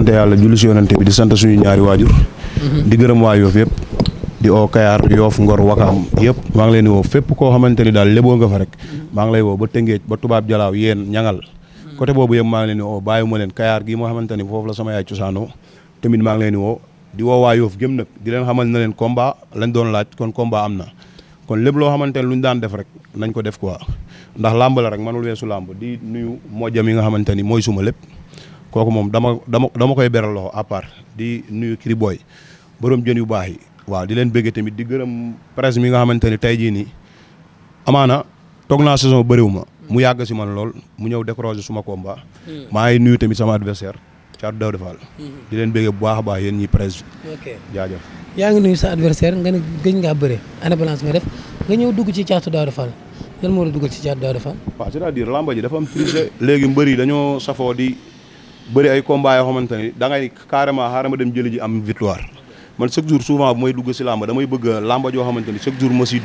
sant yàlla julli si yonante bi di sant suñu ñaari waajur mhm. di gërëm waa yoof yëpp di oo Kayaar Yoof Ngor Wakaam yëpp maa ngi leen di woo fépp koo xamante ni daal léboo nga fa rek mhm. maa ngi lay woo ba Tëngéej ba Tubaab Jalaaw yéen ñangal mhm. la sama yaay cosaanoo tamit maa ngi leen di woo di woo waa Yoof gëm nag di leen xamal na daan def rek nañ ko def quoi ndax làmb la rek manul weesu làmb di nuyu mojjam yi nga xamante mooy suma lépp kooku moom dama dama dama koy beral loxo à part di nuyu kiri booy borom jën yu baax yi waaw di leen bëggee tamit di gërëm presse mi nga xamante ne tey jii nii amaana toog naa saison bëriwuma mu mm. yàgg si man lool mu ñëw décroché suma combat mm. maa ngi nuyu tamit sama adversaire Thiatou Daouda Fall mm-hmm. di leen bëggee bu baax a baax yéen ñi presse bi yaa ngi nuyu sa adversaire nga ne gëj ngaa bëre ana balance nga def nga ñëw dugg ci Thiatou Daouda Fall lan moo la duggal ci Thiatou Daouda Fall waaw cest à léegi mbër yi dañoo safoo di bëri ay combat yoo xamante ne da ngay carrément xaaral ma dem jëli ji am victoire man chaque jour souvent bu may dugg si làmba damay bëgg làmba joo xamante ni jour ma si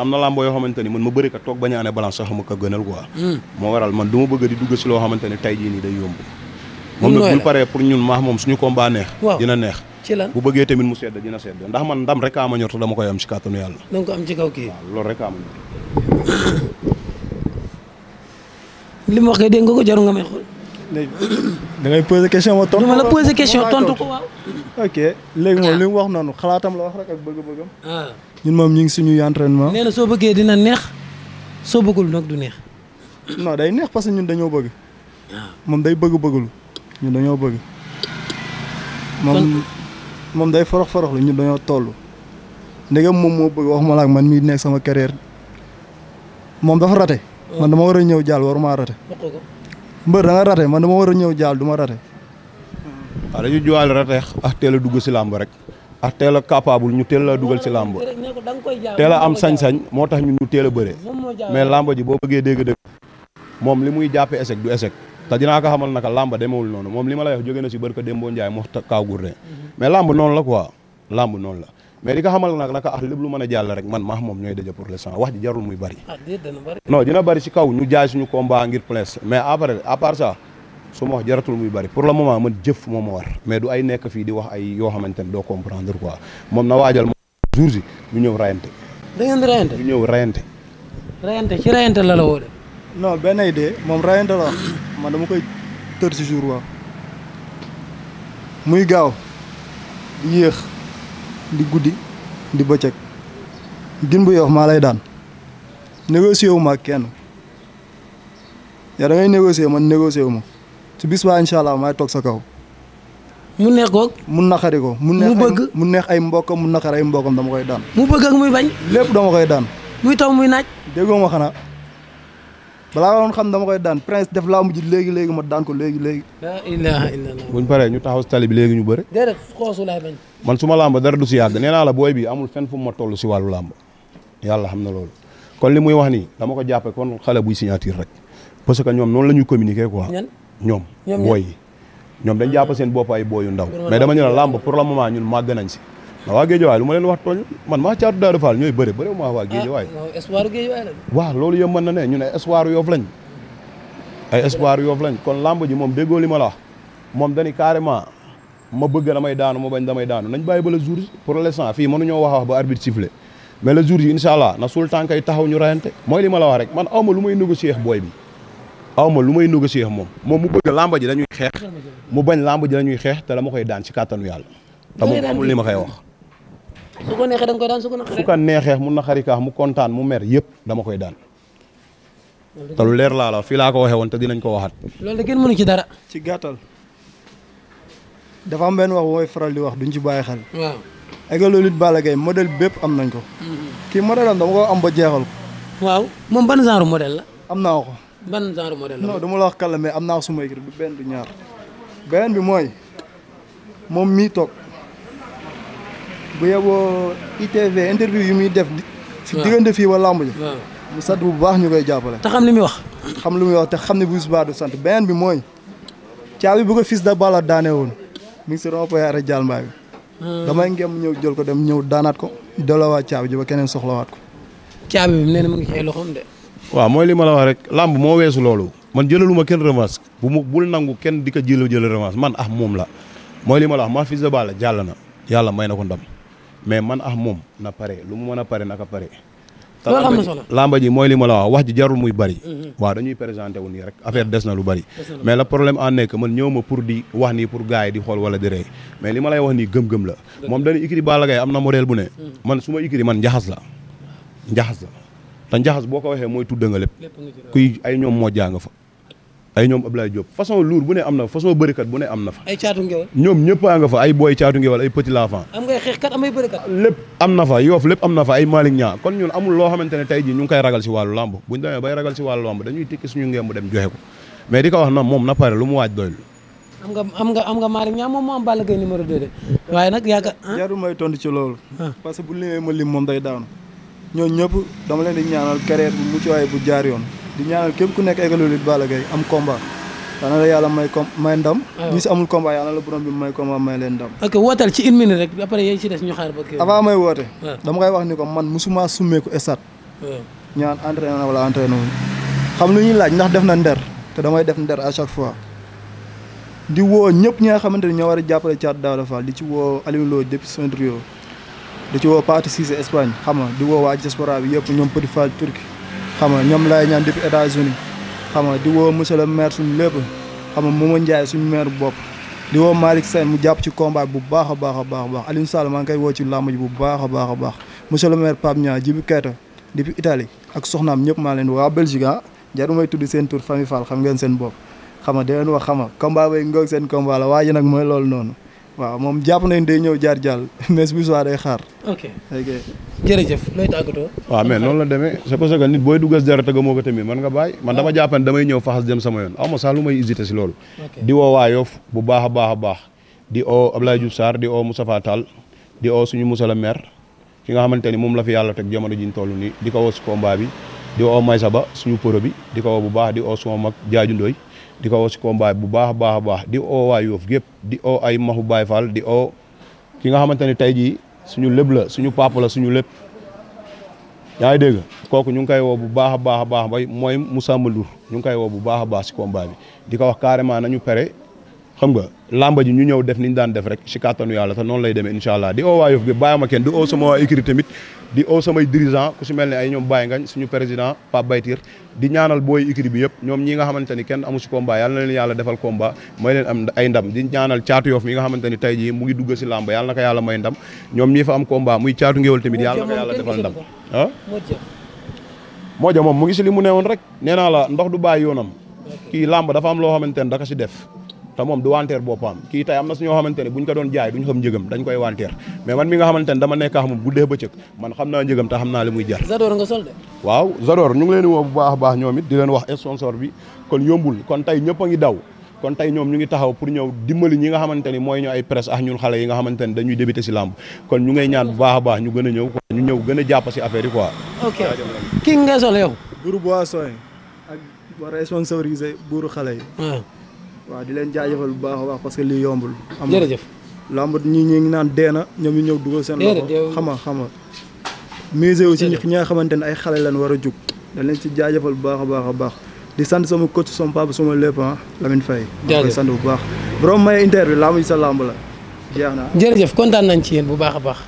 am na làmba yoo xamante ni man ma a ane balance sax ma ko gënal quoi. Hmm. moo waral man du ma dugg tey jii nii day yomb. moom nag moom suñu combat neex. dina neex. ci lan bu bëggee tamit mu sedd dina rek a ma ñor te dama koy am ko am ci kaw kii. waaw li mu wax kay dégg nga ko jaru nga may xool. léegi da ngay poser question ma tontu. ma la poser question tontu ko waaw. ok léegi moom ah. li wax noonu xalaatam la wax rek ak bëgg-bëggam. Ah. ñun moom ñu ngi suñuy entraînement. soo bëggee dina neex soo bëggul nag du neex. non day neex parce que ñun dañoo bëgg. Ah. moom day bëgg bëggul dañoo bëgg. moom day forox forox ñun dañoo toll. ndegam moom moo bëgg wax ma la man mii nekk sama carrière moom dafa raté. man dama war a ñëw jaal waruma rate. mbër da nga rate man dama war a ñëw jaal du ma rate. waaw ah, dañu juwaale rate ak ah, teel a dugg si làmb rek ak ah, a capable ñu teel la dugal si làmb teel a am sañ-sañ moo tax ñun ñu teel a bëre mais làmb ji boo bëggee dégg-dégg moom li muy jàppe échec du échec te dinaa ko xamal naka làmb demewul noonu moom li ma la wax jóge na si bërka Dembo Ndiaye moo tax Kaaw Gourdin mhm. mais làmb noonu la quoi làmb noonu la mais di ko xamal na naka ak lépp lu mën a jàll rek man maax moom ñooy daje pour l'instant wax jarul muy bëri ah, non dina bëri si kaw ñu jaay suñu combat ngir place mais après à part ça su ma wax jaratul muy bari pour le moment man jëf moo ma war mais du ay nekk fii di wax ay yoo xamante ne doo comprendre quoi moom na waajal moom jour si ñu ñëw rayante da ngeen di rayante ñu ñëw rayante rayante ci rayante la woo de non benn idée moom rayante la man dama koy tër si jour waaw muy gaaw di guddi di bëccëg gin bu yoof maa lay daan négocier wu ma ak kenn yow da ngay négocier man négocier wu ma su bis baa incha allah maay toog sa kaw. mu neex ko. mu naqari ko mu neex mu bëgg mu neex ay mbokkam mu naqari ay mbokkam dama koy daan. mu bëgg ak muy bañ. lépp dama koy daan. muy taw muy naaj. déggoo ma xanaa. balaa woon xam dama koy daan prince def laa mujj léegi léegi ma daan ko léegi léegi. la ilaha illallah. buñ paree ñu taxaw tali bi léegi ñu bëri. déedéet xoosu laay bañ. man su ma làmb dara du si yàgg nee naa la booy bi amul fenn fu ma toll si wàllu làmb yàlla xam na loolu kon li muy wax nii dama ko jàppe kon xale buy signature rek parce que ñoom noonu la ñuy communiquer quoi. ñoom booy yi ñoom dañ jàpp seen bopp ay booy yu ndaw. mais dama ñu la làmb pour le moment ñun màgg nañ si waaw waa géejawaay lu ma leen wax tooñ man maa caatu Daara Fall ñooy bëre bëre maa waa ah, géejawaay waaw loolu yëpp mën na ne ñun ay espoir yoof lañ ay espoir lañ kon lamb ji moom déggoo li ma la wax moom dañi carrément ma bëgg damay daanu ma bañ damay daanu nañ bàyyi ba la jour pour l'instant fii mënuñoo wax wax ba arbitre sifflé mais le jour yi incha allah na sul tànk yi taxaw ñu rayante mooy li ma la wax rek man aw ma lu may négocier booy bi aw ma lu may négocier moom moom mu làmba ji dañuy xeex mu bañ làmba ji dañuy xeex te dama koy daan ci kàttanu yàlla te moom li ma koy wax su ko neexee da nga koy daan su ko naqaree su ko neexee mu naqari mu kontaan mu mer yëpp dama koy daan. te leer laa fii laa ko waxee woon te dinañ ko waxaat. loolu de kenn mënu ci dara. ci gàttal dafa am benn wax wooy faral di wax duñ ci bàyyi xal waaw ak loolu it Balla Gaye bépp am nañ ko. Mm-hmm. kii modèle am dama ko am ba jeexal ko. waaw moom ban genre modèle la. am naa ko. ban genre modèle la non dama la wax kàlla mais am naa suma écrit du benn du ñaar beneen bi mooy moom mii toog. bu yeboo ITV interview yi muy def. waaw diggante fii wala làmb ji. mu sant bu baax ñu koy jàppale. te xam li muy wax. xam lu muy wax te xam ne bu subaa sant beneen bi mooy caabi bu ko fis de Balla daanee woon mu ngi si rompoyaare jàlmbaay bi. Ah. damay ngem ñëw jël ko dem ñëw daanaat ko delloowaat caabi ji a keneen soxlawaat ko. caabi bi nee na mu ngi ci ay de. waaw mooy li ma la wax rek làmb moo weesu loolu. man jëlaluma kenn revanche bu mu bul nangu kenn di ko jël jël revanche man ah moom la moo li ma wax ma fils de Balla jàll na yàlla may na ko ndam. mais man ah moom na pare lu mu mën a pare naka pare. loolu am na ji mooy li ma wax wax ji jarul muy bari mm-hmm. waaw dañuy présenté wu nii rek affaire des na lu bari mais le problème en est man ñëw ma pour di wax nii pour gars yi di xool wala di rey mais li ma lay wax nii gëm-gëm la. moom dañuy ikiri Balla Gaye am na modèle bu ne. Mm-hmm. man su ma ikiri man njaxas la. njaxas la te njaxas boo ko waxee mooy tudd nga lépp. kuy ay ñoom moo jaa nga fa. ay ñoom Ablaye Diop façon lourd bu ne am na fa façon bërikat bu ne am na fa. ay caatu ngewal ñoom ñëpp a nga fa ay booy caatu ngewal ay petit l'enfant. am ngay xeexkat am ay bërikat. lépp am na yoof lépp am na ay Malick Niang kon ñun amul loo xamante ne tey jii ñu ngi ragal si wàllu lamb bu ñu demee bay ragal si wàllu lamb dañuy tikki suñu ngeen bu dem joxe ko di ko wax na moom na pare lu mu waaj doylu am nga am nga moom moo am Balla Gaye ah? ah. ma lim moom day daanu ñooñu ñëpp dama leen di bu mucc yoon di ñaanal képp ku nekk école lutte Balla Gaye am combat yal la yàlla may com may ndam. waaw ñi si amul combat yal la borom bi may combat may leen ndam. ok wootal ci une minute rek ba pare ci des ñu xaar ba kii. avant may woote. dama koy wax ni ko man musuma summeeku stade. ñaan entraîné na wala entraîné wu xam lu ñuy laaj ndax def na nder te damay def nder à chaque fois. di woo ñëpp ñi nga xamante ni ñoo war a jàppale Thiatou Daouda Fall di ci woo Aliou Lo depuis saint di ci woo Pathé Cissé Espagne xam nga di woo waa diaspora yëpp ñoom Petit xam nga ñoom lay ñaan depuis États-Unis xam nga di woo monsieur le maire suñu lépp xam nga Momadou Ndiaye suñu maire bopp. di woo Malick seen mu jàpp ci combat bu baax a baax a baax Alioune Sall maa ngi koy woo ci làmb bu baax a baax a baax monsieur le maire Pape Niang Djibi Keita depuis Italie ak soxnaam ñëpp maa leen di waa Belgique ah jaru may tudd seen tur famille Fall xam ngeen seen bopp. xam nga da leen wax xam nga combat bay ngoog seen combat la waaye nag mooy loolu noonu waaw moom jàpp nañ day ñëw jaar jaal mais bu soir day xaar. ok jërëjëf looy tàggatoo. waaw mais noonu la demee c'est parce nit booy duggas dara te gëmoo ko tamit man nga bàyyi man dama jàpp damay ñëw faxas dem sama yoon aw ma sax lu may hésité si loolu di woo baax a baax a baax di oo Abdoulaye Diouf Sarr di oo Moustapha Tall di oo suñu maire ki nga xamante ni moom la fi yàlla teg jamono jiñ toll nii di ko woo si combat bi di Ba suñu bi di ko woo bu baax di oo suma mag Jaaju Ndoy di ko woo si combat bu baax a baax a baax di oo waa Yoff gépp di oo ay Maxu Baye Fall di oo ki nga xamante ni jii suñu lépp la suñu papa la suñu lépp yaa ngi dégg kooku ñu ngi koy woo bu baax a baax baax bay mooy Moussa lur ñu ngi koy woo bu baax a baax si combat bi di ko wax carrément nañu pere xam nga lamba ji ñu ñëw def ni ñu daan def rek si kàttanu yàlla te noonu lay demee incha allah di oo waa Yoff gi bàyyi a kenn di oo sama waa écurie tamit di oo samay dirigeant ku si mel ne ay ñoom Baye Ngañ suñu président Pape Baytir di ñaanal booy écurie bi yëpp ñoom ñii nga xamante ni kenn amu si combat yàlla na leen yàlla defal combat may leen ay ndam di ñaanal caatu yoof mi nga xamante ni tey jii mu ngi dugg si làmb yàlla na ko yàlla may ndam ñoom ñi am combat muy caatu ngéwal tamit yàlla na ko yàlla defal ndam moo Modja moom mu ngi si li nee woon rek nee naa la ndox du bàyyi yoonam kii làmb dafa am loo xamante ni daka si def te moom du wanteer boppam kii tey am na suñoo xamante ne buñ ko doon jaay duñ xam njëgam dañ koy wanteer mais man mi nga xamante dama nekk xam bu dee bëccëg man xam naa njëgam te xam naa li muy jar Zador nga sol de waaw Zador ñu ngi a a ñaan bu baax a ñu gën a ñëw ñu ñëw gën a si affaire yi quoi. nga sol yow. groupe waa Soy ak a waaw di leen jaajëfal bu baax a baax parce que lii yombul. am jërëjëf lamb ñi ñu ngi naan deena ñoom ñu ñëw dugal seen loxo xama xama musée aussi ñi nga xamante ne ay xale lañ war a jug dañ leen ci jaajëfal bu baax a baax a baax di sant sama coach sama papa sama lépp ah Lamine Faye fay doo sant bu baax borom may inter bi lamb ji sa lamb la jeex na jërëjëf kontaan nañ ci yéen bu baax a baax